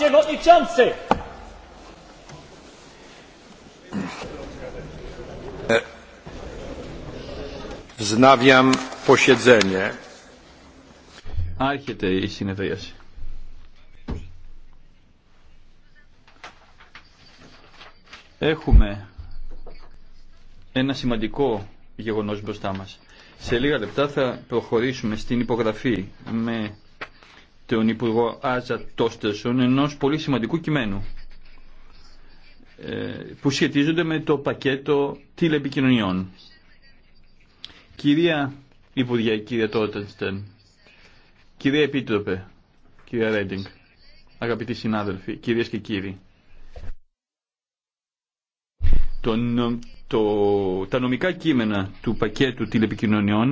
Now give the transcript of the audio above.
przewodniczący! Wznawiam posiedzenie. Άρχεται η συνεδρίαση. Έχουμε ένα σημαντικό γεγονός μπροστά μας. Σε λίγα λεπτά θα προχωρήσουμε στην υπογραφή με τον Υπουργό Άζα Τόστερσον ενός πολύ σημαντικού κειμένου ε, που σχετίζονται με το πακέτο τηλεπικοινωνιών. Κυρία Υπουργέ, κύριε Τόστερν, κυρία Επίτροπε, κυρία Ρέντινγκ, αγαπητοί συνάδελφοι, κυρίες και κύριοι, το, το, τα νομικά κείμενα του πακέτου τηλεπικοινωνιών